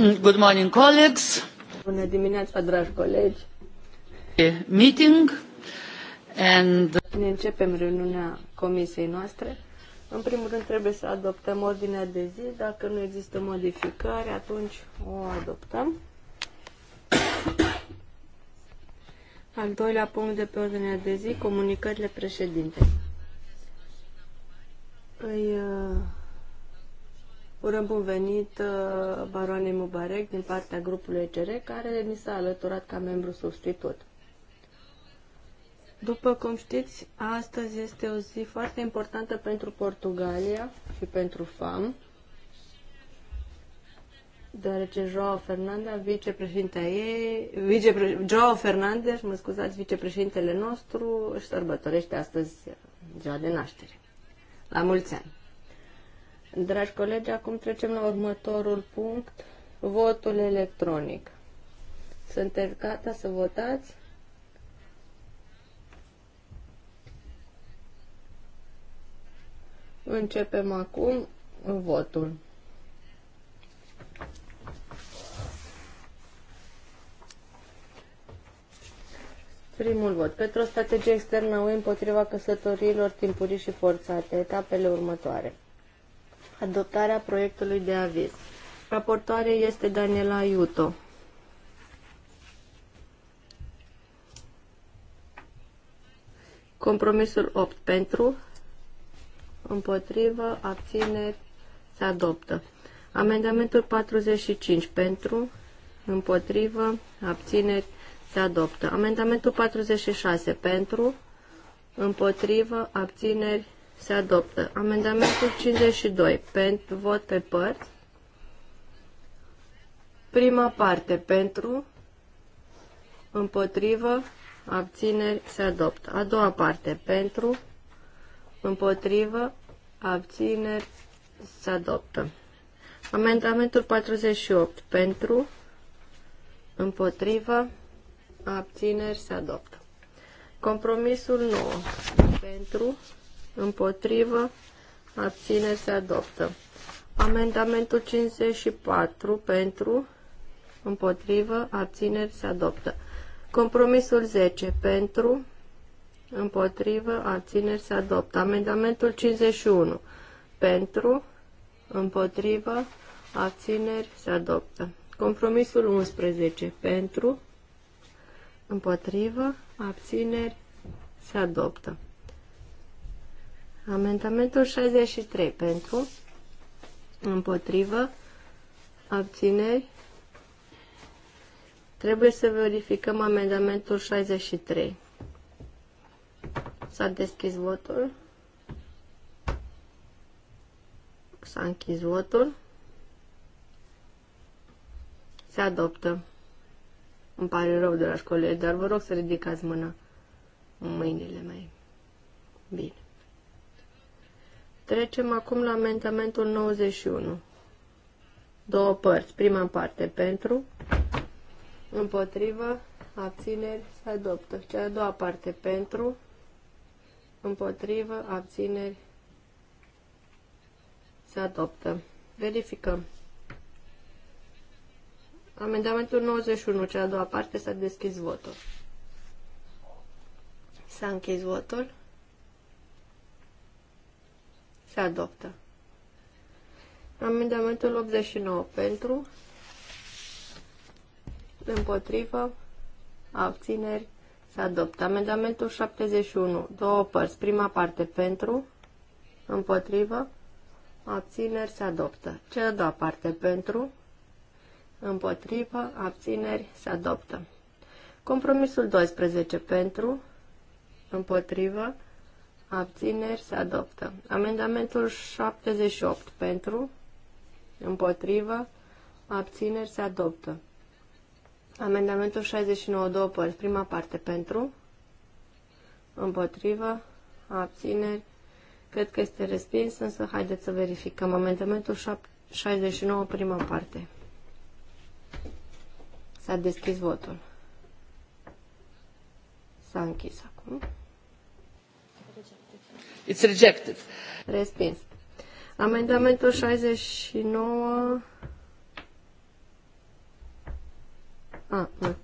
Good morning, colleagues. Bună dimineața, dragi colegi. Meeting and ne începem reuniunea comisiei noastre. În primul rând trebuie să adoptăm ordinea de zi. Dacă nu există modificări, atunci o adoptăm. Al doilea punct de pe ordinea de zi, comunicările președintei. uh... Urăm bun venit uh, baroanei Mubarec din partea grupului ECR, care mi s-a alăturat ca membru substitut. După cum știți, astăzi este o zi foarte importantă pentru Portugalia și pentru FAM, deoarece Joao Fernandez, vicepreședintea ei, vicepre, Joao Fernandez, mă scuzați, vicepreședintele nostru, își sărbătorește astăzi ziua de naștere. La mulți ani! Dragi colegi, acum trecem la următorul punct, votul electronic. Sunteți gata să votați? Începem acum votul. Primul vot. Pentru o strategie externă UE împotriva căsătorilor timpurii și forțate, etapele următoare adoptarea proiectului de aviz. Raportoare este Daniela Iuto. Compromisul 8 pentru, împotrivă, abțineri, se adoptă. Amendamentul 45 pentru, împotrivă, abțineri, se adoptă. Amendamentul 46 pentru, împotrivă, abțineri, se adoptă. Amendamentul 52. Pentru vot pe părți. Prima parte. Pentru. Împotrivă. Abțineri. Se adoptă. A doua parte. Pentru. Împotrivă. Abțineri. Se adoptă. Amendamentul 48. Pentru. Împotrivă. Abțineri. Se adoptă. Compromisul 9. Pentru împotrivă, Abține, se adoptă. Amendamentul 54 pentru, împotrivă, abțineri se adoptă. Compromisul 10 pentru, împotrivă, abțineri se adoptă. Amendamentul 51 pentru, împotrivă, abțineri se adoptă. Compromisul 11 pentru, împotrivă, abțineri se adoptă. Amendamentul 63 pentru, împotrivă, abțineri. Trebuie să verificăm amendamentul 63. S-a deschis votul. S-a închis votul. Se adoptă. Îmi pare rău, la colegi, dar vă rog să ridicați mâna în mâinile mei. Bine. Trecem acum la amendamentul 91. Două părți. Prima parte pentru, împotrivă, abțineri, se adoptă. Cea a doua parte pentru, împotrivă, abțineri, se adoptă. Verificăm. Amendamentul 91, cea a doua parte, s-a deschis votul. S-a închis votul. Se adoptă. Amendamentul 89 pentru, împotrivă, abțineri, se adoptă. Amendamentul 71, două părți. Prima parte pentru, împotrivă, abțineri, se adoptă. Cea doua parte pentru, împotrivă, abțineri, se adoptă. Compromisul 12 pentru, împotrivă, abțineri, Abțineri se adoptă. Amendamentul 78 pentru, împotrivă, abțineri se adoptă. Amendamentul 69, două părți, prima parte pentru, împotrivă, abțineri, cred că este respins, însă haideți să verificăm. Amendamentul 69, prima parte. S-a deschis votul. S-a închis acum. It's rejected. Respins. Amendamentul 69... A, nu,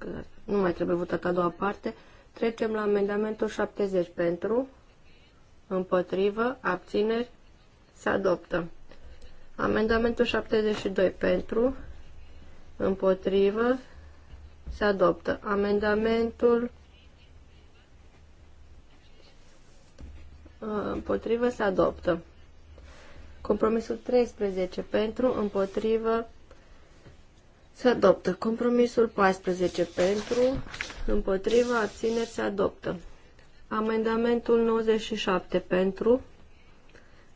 nu mai trebuie votat a doua parte. Trecem la amendamentul 70 pentru, împotrivă, abțineri, se adoptă. Amendamentul 72 pentru, împotrivă, se adoptă. Amendamentul împotrivă se adoptă. Compromisul 13 pentru, împotrivă se adoptă. Compromisul 14 pentru, împotrivă, abțineri se adoptă. Amendamentul 97 pentru,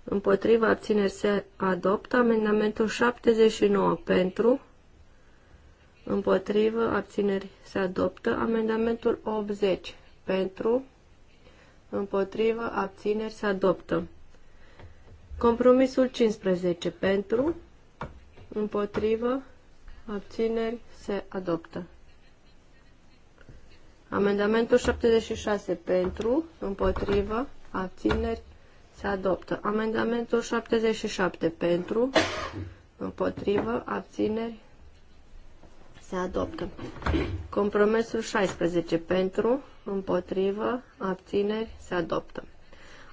împotrivă, abțineri se adoptă. Amendamentul 79 pentru, împotrivă, abțineri se adoptă. Amendamentul 80 pentru, împotrivă, abțineri, se adoptă. Compromisul 15 pentru, împotrivă, abțineri, se adoptă. Amendamentul 76 pentru, împotrivă, abțineri, se adoptă. Amendamentul 77 pentru, împotrivă, abțineri, se adoptă. Compromisul 16 pentru, împotrivă, abțineri, se adoptă.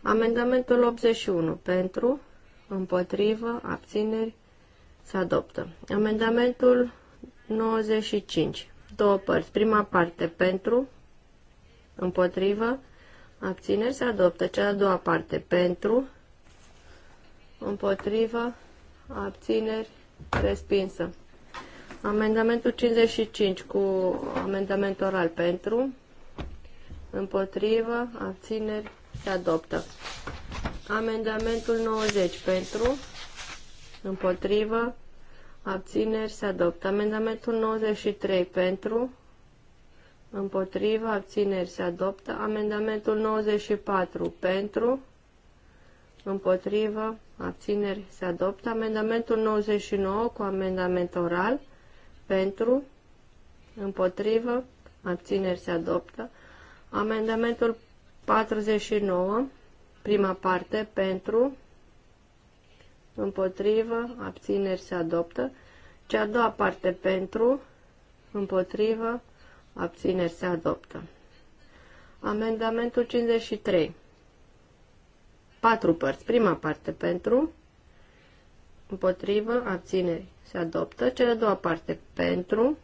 Amendamentul 81 pentru, împotrivă, abțineri, se adoptă. Amendamentul 95, două părți. Prima parte pentru, împotrivă, abțineri, se adoptă. Cea de-a doua parte pentru, împotrivă, abțineri, respinsă. Amendamentul 55 cu amendament oral pentru, împotrivă, abțineri, se adoptă. Amendamentul 90 pentru, împotrivă, abțineri, se adoptă. Amendamentul 93 pentru, împotrivă, abțineri, se adoptă. Amendamentul 94 pentru, împotrivă, abțineri, se adoptă. Amendamentul 99 cu amendament oral pentru, împotrivă, abțineri, se adoptă. Amendamentul 49, prima parte, pentru, împotrivă, abțineri se adoptă. Cea a doua parte, pentru, împotrivă, abțineri se adoptă. Amendamentul 53. Patru părți. Prima parte pentru, împotrivă, abțineri se adoptă. Cea a doua parte pentru,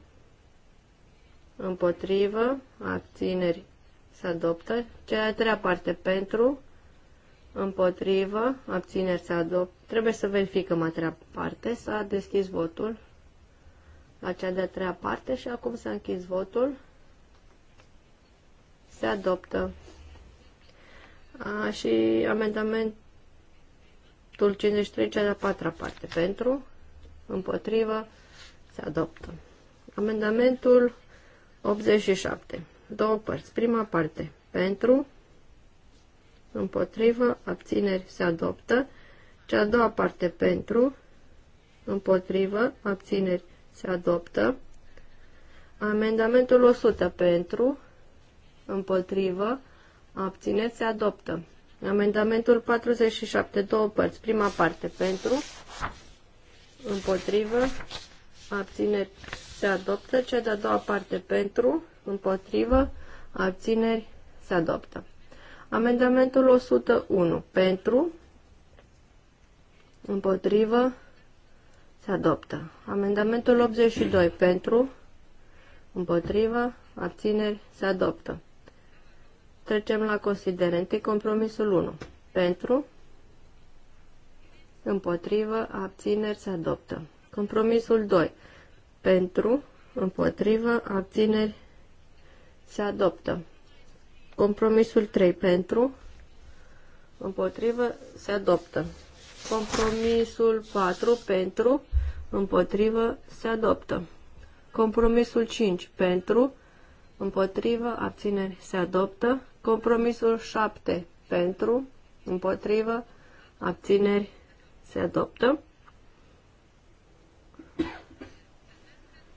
împotrivă, abțineri se adoptă. Cea de-a treia parte pentru, împotrivă, abțineri se adoptă. Trebuie să verificăm a treia parte. S-a deschis votul la cea de-a treia parte și acum s-a închis votul. Se adoptă. A, și amendamentul 53, cea de-a patra parte pentru, împotrivă, se adoptă. Amendamentul 87 două părți. Prima parte pentru, împotrivă, abțineri se adoptă. Cea a doua parte pentru, împotrivă, abțineri se adoptă. Amendamentul 100 pentru, împotrivă, abțineri se adoptă. Amendamentul 47, două părți. Prima parte pentru, împotrivă, abțineri se adoptă, cea de-a doua parte pentru, împotrivă, abțineri, se adoptă. Amendamentul 101 pentru, împotrivă, se adoptă. Amendamentul 82 pentru, împotrivă, abțineri, se adoptă. Trecem la considerente. Compromisul 1. Pentru, împotrivă, abțineri, se adoptă. Compromisul 2 pentru, împotrivă, abțineri, se adoptă. Compromisul 3 pentru, împotrivă, se adoptă. Compromisul 4 pentru, împotrivă, se adoptă. Compromisul 5 pentru, împotrivă, abțineri, se adoptă. Compromisul 7 pentru, împotrivă, abțineri, se adoptă.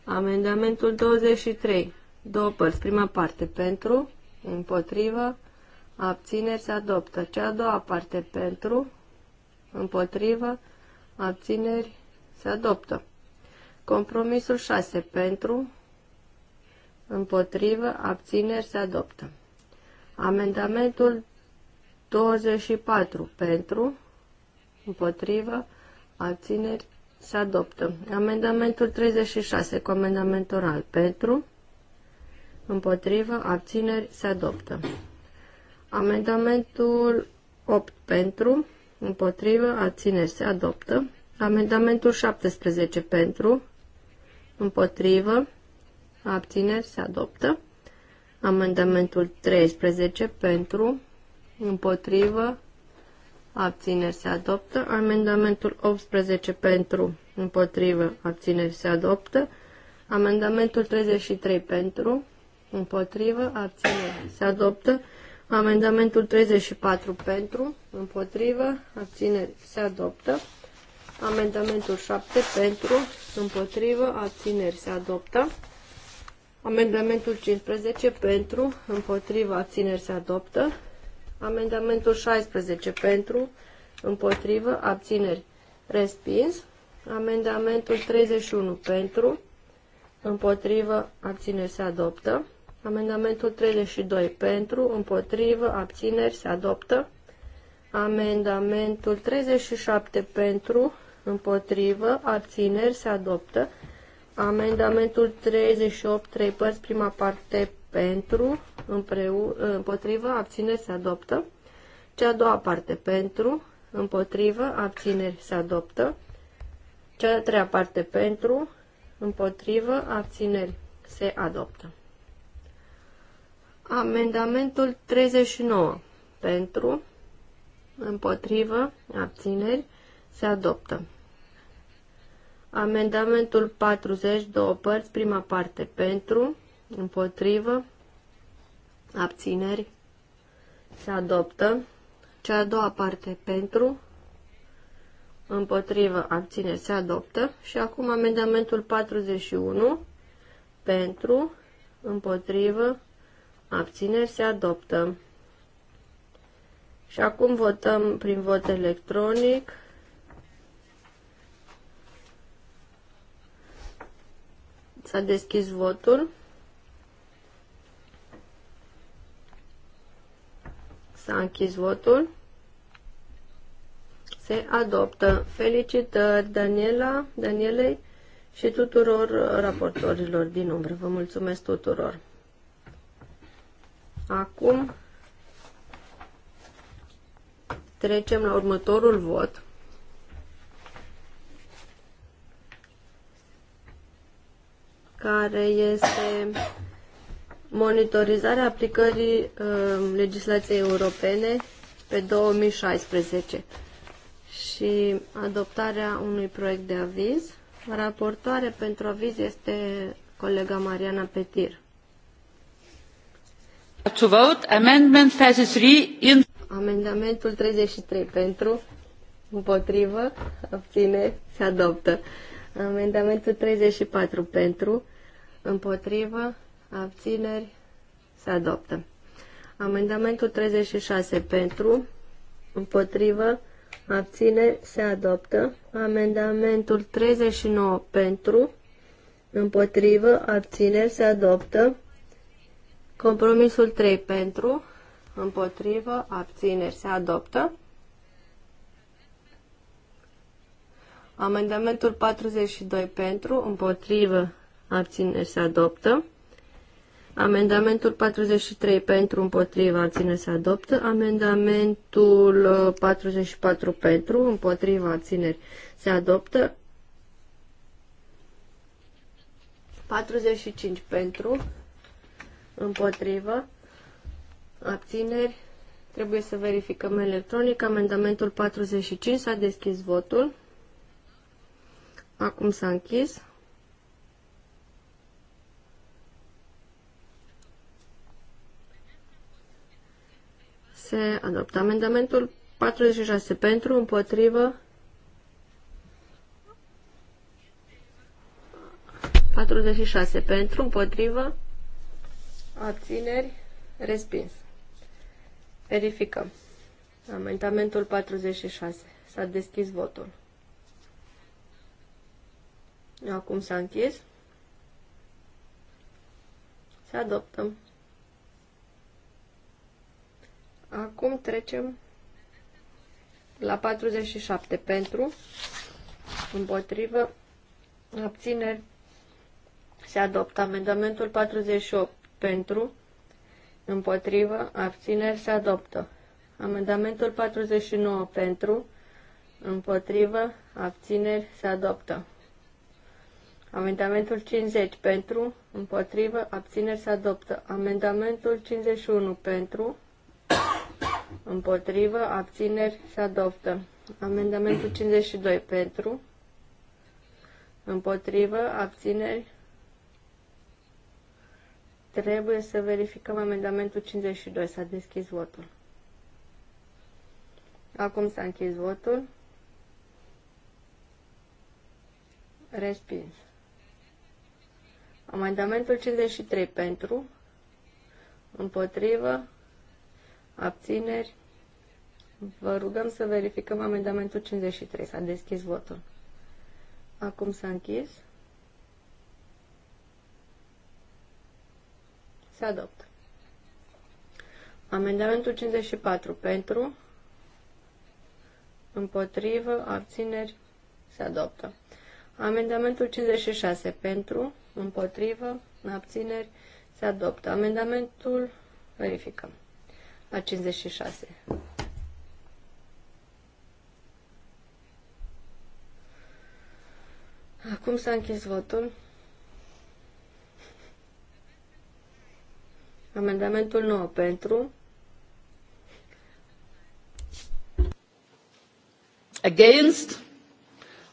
Amendamentul 23. Două părți. Prima parte pentru, împotrivă, abțineri se adoptă. Cea a doua parte pentru, împotrivă, abțineri se adoptă. Compromisul 6 pentru, împotrivă, abțineri se adoptă. Amendamentul 24 pentru, împotrivă, abțineri se adoptă. Amendamentul 36 cu amendament oral. Pentru. Împotrivă. Abțineri. Se adoptă. Amendamentul 8 pentru. Împotrivă. Abțineri. Se adoptă. Amendamentul 17 pentru. Împotrivă. Abțineri. Se adoptă. Amendamentul 13 pentru. Împotrivă abțineri se adoptă. Amendamentul 18 pentru, împotrivă, abțineri se adoptă. Amendamentul 33 pentru, împotrivă, abțineri se adoptă. Amendamentul 34 pentru, împotrivă, abțineri se adoptă. Amendamentul 7 pentru, împotrivă, abțineri se adoptă. Amendamentul 15 pentru, împotrivă, abțineri se adoptă. Amendamentul 16 pentru, împotrivă, abțineri, respins. Amendamentul 31 pentru, împotrivă, abțineri, se adoptă. Amendamentul 32 pentru, împotrivă, abțineri, se adoptă. Amendamentul 37 pentru, împotrivă, abțineri, se adoptă. Amendamentul 38, 3 părți, prima parte pentru, împotrivă, abțineri se adoptă. Cea a doua parte pentru, împotrivă, abțineri se adoptă. Cea a treia parte pentru, împotrivă, abțineri se adoptă. Amendamentul 39 pentru, împotrivă, abțineri se adoptă. Amendamentul 40, două părți, prima parte pentru, împotrivă, abțineri, se adoptă. Cea a doua parte pentru, împotrivă, abțineri, se adoptă. Și acum amendamentul 41, pentru, împotrivă, abțineri, se adoptă. Și acum votăm prin vot electronic. S-a deschis votul. S-a închis votul. Se adoptă. Felicitări Daniela, Danielei și tuturor uh, raportorilor din umbră. Vă mulțumesc tuturor. Acum trecem la următorul vot. care este monitorizarea aplicării uh, legislației europene pe 2016 și adoptarea unui proiect de aviz. Raportoare pentru aviz este colega Mariana Petir. To vote, amendment 33 in... Amendamentul 33 pentru, împotrivă, obține se adoptă. Amendamentul 34 pentru, împotrivă, abțineri, se adoptă. Amendamentul 36 pentru, împotrivă, abțineri, se adoptă. Amendamentul 39 pentru, împotrivă, abțineri, se adoptă. Compromisul 3 pentru, împotrivă, abțineri, se adoptă. Amendamentul 42 pentru, împotrivă, abțineri, se adoptă. Amendamentul 43 pentru împotriva ține se adoptă. Amendamentul 44 uh, pentru împotriva țineri se adoptă. 45 pentru împotrivă abțineri. Trebuie să verificăm electronic. Amendamentul 45 s-a deschis votul. Acum s-a închis. se adoptă. Amendamentul 46 pentru, împotrivă. 46 pentru, împotrivă. Abțineri, respins. Verificăm. Amendamentul 46. S-a deschis votul. Acum s-a închis. Se adoptă. Acum trecem la 47 pentru, împotrivă, abțineri, se adoptă amendamentul 48 pentru, împotrivă, abțineri, se adoptă. Amendamentul 49 pentru, împotrivă, abțineri, se adoptă. Amendamentul 50 pentru, împotrivă, abțineri, se adoptă. Amendamentul 51 pentru, Împotrivă, abțineri, se adoptă. Amendamentul 52 pentru. Împotrivă, abțineri. Trebuie să verificăm amendamentul 52. S-a deschis votul. Acum s-a închis votul. Respins. Amendamentul 53 pentru. Împotrivă, Abțineri? Vă rugăm să verificăm amendamentul 53. S-a deschis votul. Acum s-a închis. Se adoptă. Amendamentul 54. Pentru? Împotrivă? Abțineri? Se adoptă. Amendamentul 56. Pentru? Împotrivă? Abțineri? Se adoptă. Amendamentul... Verificăm la 56. Acum s-a închis votul. Amendamentul 9 pentru. Against.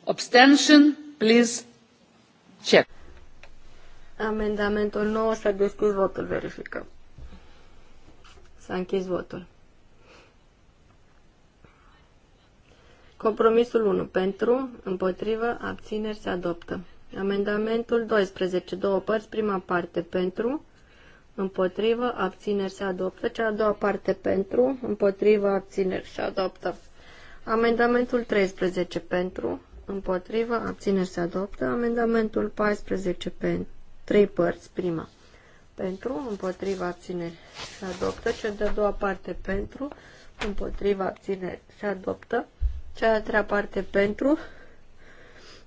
Abstention. Please check. Amendamentul 9 s-a deschis votul. Verificăm. S-a închis votul. Compromisul 1. Pentru, împotrivă, abțineri se adoptă. Amendamentul 12. Două părți. Prima parte pentru, împotrivă, abțineri se adoptă. Cea a doua parte pentru, împotrivă, abțineri se adoptă. Amendamentul 13 pentru, împotrivă, abțineri se adoptă. Amendamentul 14 pentru, trei părți, prima pentru, împotriva abține, se adoptă, cea de-a doua parte pentru, împotriva abține, se adoptă, cea de-a treia parte pentru,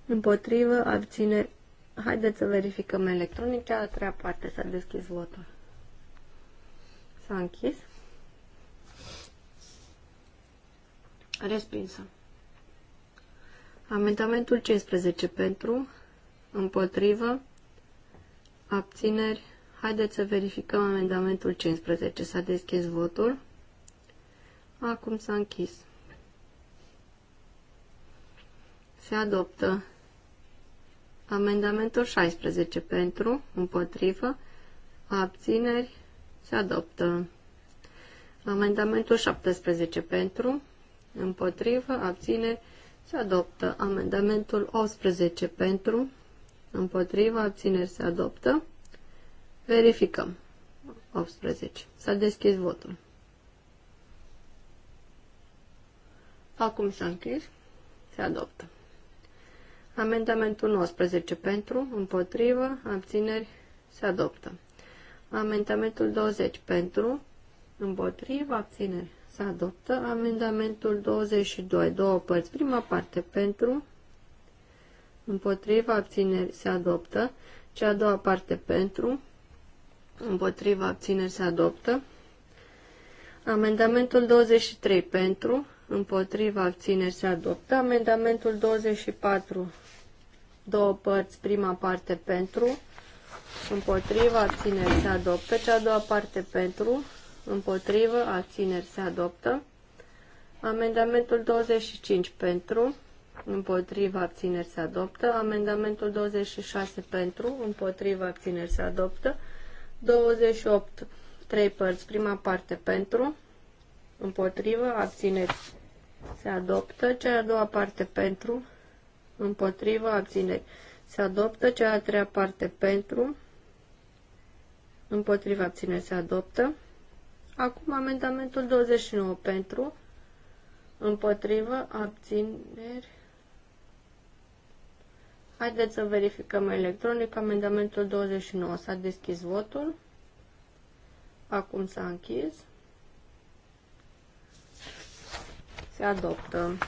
împotriva abține. Haideți să verificăm electronic, cea de-a treia parte s-a deschis votul. S-a închis. Respinsă. Amendamentul 15 pentru, împotrivă, abțineri, Haideți să verificăm amendamentul 15. S-a deschis votul. Acum s-a închis. Se adoptă amendamentul 16 pentru, împotrivă, abțineri, se adoptă. Amendamentul 17 pentru, împotrivă, abțineri, se adoptă. Amendamentul 18 pentru, împotrivă, abțineri, se adoptă. Verificăm. 18. S-a deschis votul. Acum s-a închis. Se adoptă. Amendamentul 19 pentru, împotrivă, abțineri, se adoptă. Amendamentul 20 pentru, împotrivă, abțineri, se adoptă. Amendamentul 22, două părți, prima parte pentru, împotrivă, abțineri, se adoptă. Cea a doua parte pentru, Împotriva abțineri se adoptă. Amendamentul 23 pentru, Împotriva abțineri se adoptă. Amendamentul 24, două părți, prima parte pentru, Împotriva abțineri se adoptă. Cea a doua parte pentru, Împotriva abțineri se adoptă. Amendamentul 25 pentru, Împotriva abțineri se adoptă. Amendamentul 26 pentru, Împotriva abțineri se adoptă. 28, trei părți, prima parte pentru, împotrivă, abțineri, se adoptă, cea a doua parte pentru, împotrivă, abțineri, se adoptă, cea a treia parte pentru, împotrivă, abțineri, se adoptă. Acum amendamentul 29 pentru, împotrivă, abțineri, Haideți să verificăm electronic amendamentul 29. S-a deschis votul. Acum s-a închis. Se adoptă.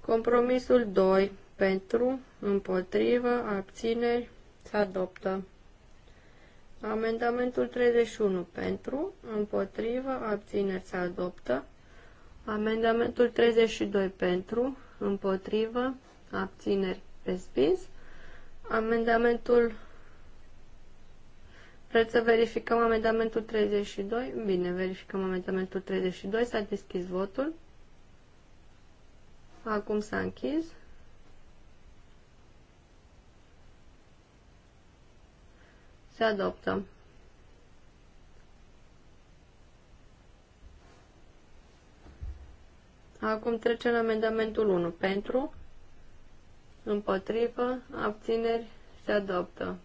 Compromisul 2. Pentru, împotrivă, abțineri, se adoptă. Amendamentul 31. Pentru, împotrivă, abțineri, se adoptă. Amendamentul 32. Pentru, împotrivă, abțineri, respins. Amendamentul, vreți să verificăm amendamentul 32? Bine, verificăm amendamentul 32, s-a deschis votul. Acum s-a închis. Se adoptă. Acum trecem la amendamentul 1. Pentru, împotrivă, abțineri, se adoptă.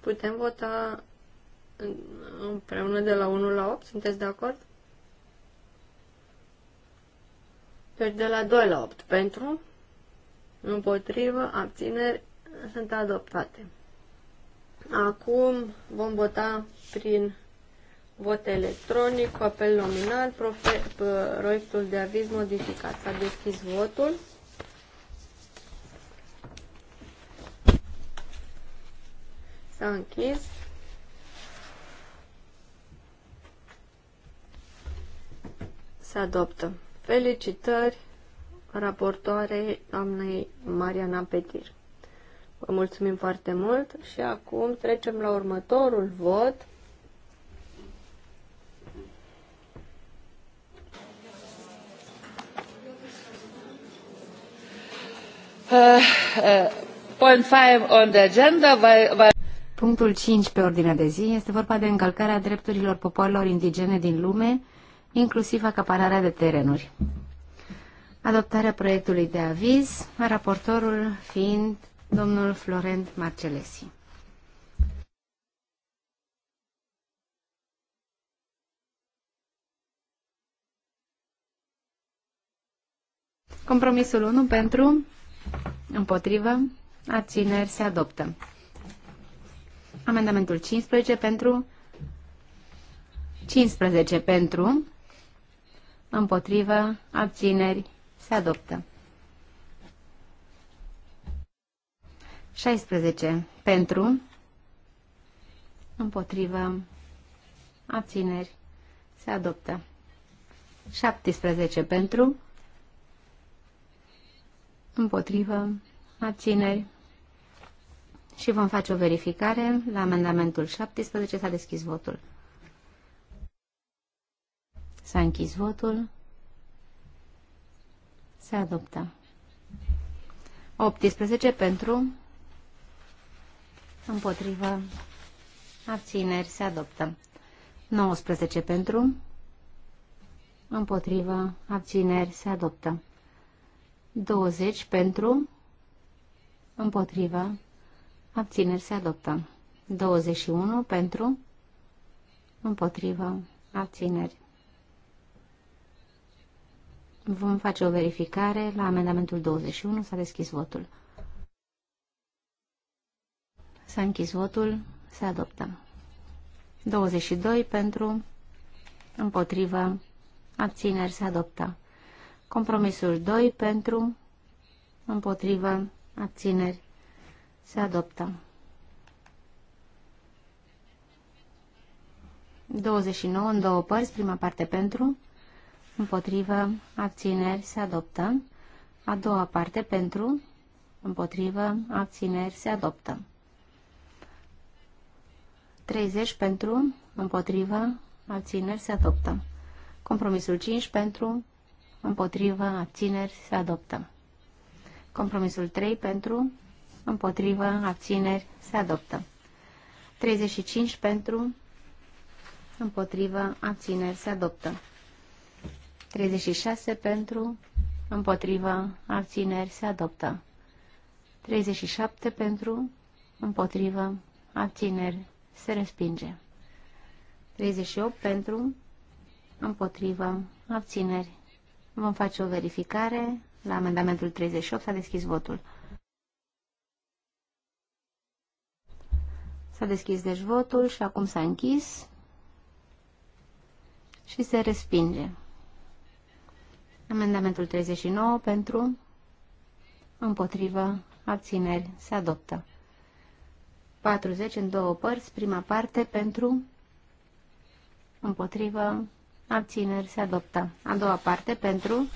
Putem vota împreună de la 1 la 8? Sunteți de acord? Deci de la 2 la 8. Pentru, împotrivă, abțineri, sunt adoptate. Acum vom vota prin vot electronic cu apel nominal proiectul de aviz modificat. S-a deschis votul. S-a închis. Se adoptă. Felicitări raportoare doamnei Mariana Petir. Vă mulțumim foarte mult și acum trecem la următorul vot. Uh, uh, point five on the agenda, by, by... Punctul 5 pe ordinea de zi este vorba de încălcarea drepturilor popoarelor indigene din lume, inclusiv acapararea de terenuri. Adoptarea proiectului de aviz, raportorul fiind domnul Florent Marcelesi. Compromisul 1 pentru, împotrivă, abțineri se adoptă. Amendamentul 15 pentru, 15 pentru, împotrivă, abțineri se adoptă. 16 pentru, împotrivă, abțineri, se adoptă. 17 pentru, împotrivă, abțineri și vom face o verificare la amendamentul 17. S-a deschis votul. S-a închis votul. Se adoptă. 18 pentru, împotrivă, abțineri, se adoptă. 19 pentru, împotrivă, abțineri, se adoptă. 20 pentru, împotrivă, abțineri, se adoptă. 21 pentru, împotrivă, abțineri. Vom face o verificare la amendamentul 21, s-a deschis votul. S-a închis votul. Se adoptă. 22 pentru, împotrivă, abțineri. Se adoptă. Compromisul 2 pentru, împotrivă, abțineri. Se adoptă. 29 în două părți, prima parte pentru, împotrivă, abțineri, se adoptă. A doua parte pentru, împotrivă, abțineri, se adoptă. 30 pentru, împotrivă, abțineri se adoptă. Compromisul 5 pentru, împotrivă, abțineri se adoptă. Compromisul 3 pentru, împotrivă, abțineri se adoptă. 35 pentru, împotrivă, abțineri se adoptă. 36 pentru, împotrivă, abțineri se adoptă. 37 pentru, împotrivă, abțineri se respinge. 38 pentru, împotrivă, abțineri. Vom face o verificare. La amendamentul 38 s-a deschis votul. S-a deschis deci votul și acum s-a închis și se respinge. Amendamentul 39 pentru, împotrivă, abțineri, se adoptă. 40 în două părți, prima parte pentru, împotrivă, abțineri, se adoptă. A doua parte pentru,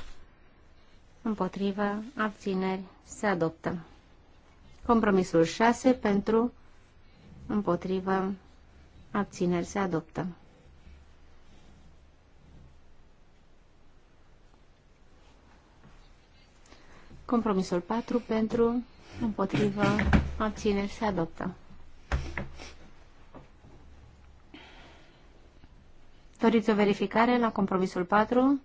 împotrivă, abțineri, se adoptă. Compromisul 6 pentru, împotrivă, abțineri, se adoptă. Compromisul 4 pentru, împotrivă, abțineri se adoptă. Doriți o verificare la compromisul 4?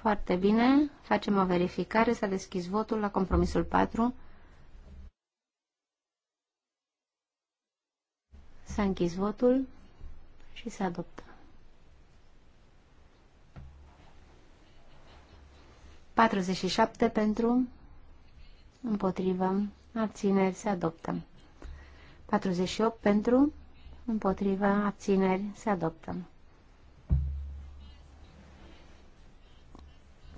Foarte bine. Facem o verificare. S-a deschis votul la compromisul 4. S-a închis votul și se adoptă. 47 pentru, împotrivă, abțineri, se adoptă. 48 pentru, împotriva, abțineri, se adoptă.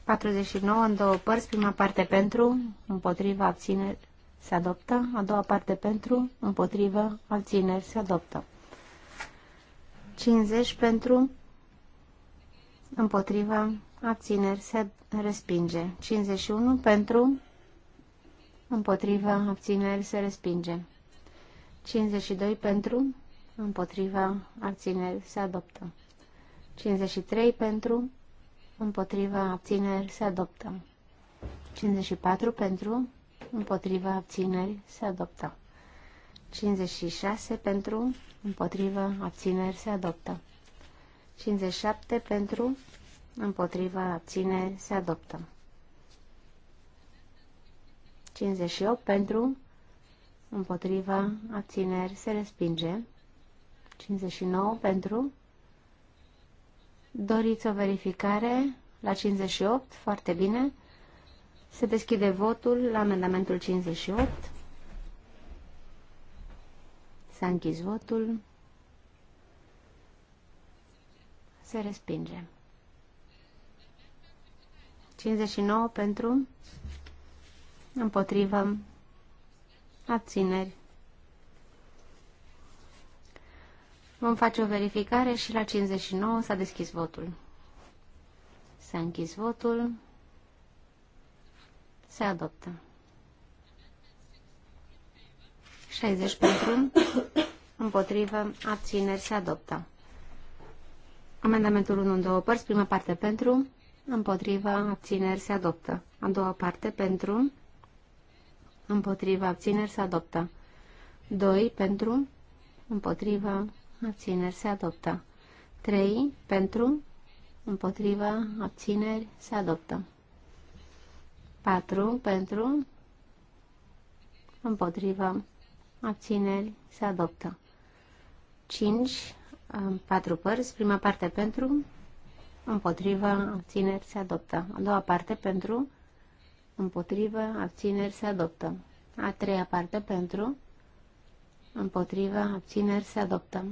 49 în două părți, prima parte pentru, împotriva, abțineri, se adoptă, a doua parte pentru, împotrivă, abțineri, se adoptă. 50 pentru, împotriva, abțineri, se respinge. 51 pentru, împotriva, abțineri, se respinge. 52 pentru, împotriva, abțineri, se adoptă. 53 pentru, împotriva, abțineri, se adoptă. 54 pentru, împotriva, abțineri, se adoptă. 56 pentru, împotriva, abțineri, se adoptă. 57 pentru, împotriva, abțineri, se adoptă. 58 pentru, împotriva, abțineri, se respinge. 59 pentru. Doriți o verificare la 58? Foarte bine. Se deschide votul la amendamentul 58. S-a închis votul. Se respinge. 59 pentru, împotrivă, abțineri. Vom face o verificare și la 59 s-a deschis votul. S-a închis votul. Se adoptă. 60 pentru, împotrivă, abțineri, se adoptă. Amendamentul 1 în două părți, prima parte pentru, împotrivă, abțineri, se adoptă. A doua parte pentru, împotrivă, abțineri, se adoptă. 2 pentru, împotrivă, abțineri se adoptă. 3 pentru, împotriva, abțineri se adoptă. 4 pentru, împotriva, abțineri se adoptă. 5, 4 părți, prima parte pentru, împotriva, abțineri se adoptă. A doua parte pentru, împotriva, abțineri se adoptă. A treia parte pentru, împotriva, abțineri se adoptă.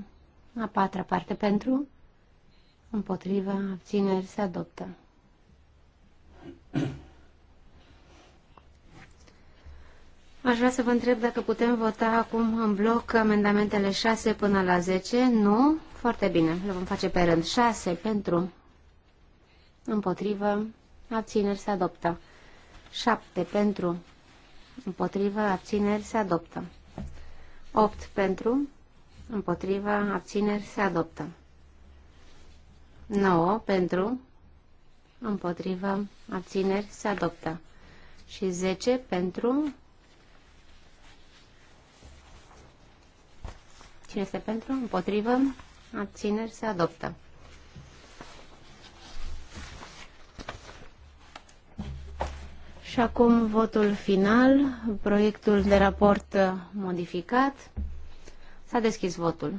A patra parte pentru, împotriva, abțineri, se adoptă. Aș vrea să vă întreb dacă putem vota acum în bloc amendamentele 6 până la 10. Nu? Foarte bine. Le vom face pe rând. 6 pentru, împotrivă, abțineri, se adoptă. 7 pentru, împotrivă, abțineri, se adoptă. 8 pentru, Împotriva, Abțineri. Se adoptă. 9. Pentru. împotriva, Abțineri. Se adoptă. Și 10. Pentru. Cine este pentru? împotriva, Abțineri. Se adoptă. Și acum votul final, proiectul de raport modificat. S-a deschis votul.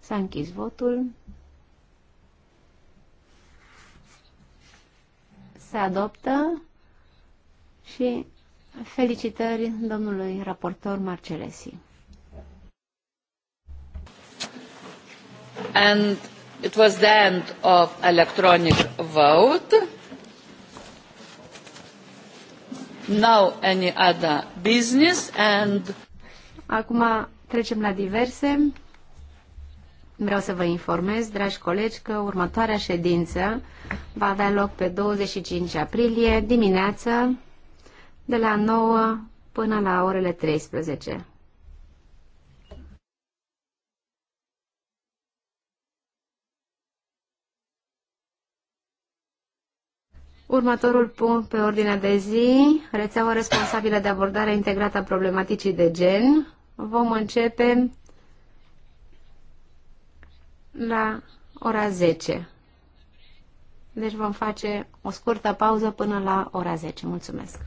S-a închis votul. Se adoptă și felicitări domnului raportor Marcelesi. And it was the end of electronic vote. now any other business and... Acum trecem la diverse. Vreau să vă informez, dragi colegi, că următoarea ședință va avea loc pe 25 aprilie, dimineață, de la 9 până la orele 13. Următorul punct pe ordinea de zi, rețeaua responsabilă de abordare integrată a problematicii de gen. Vom începe la ora 10. Deci vom face o scurtă pauză până la ora 10. Mulțumesc!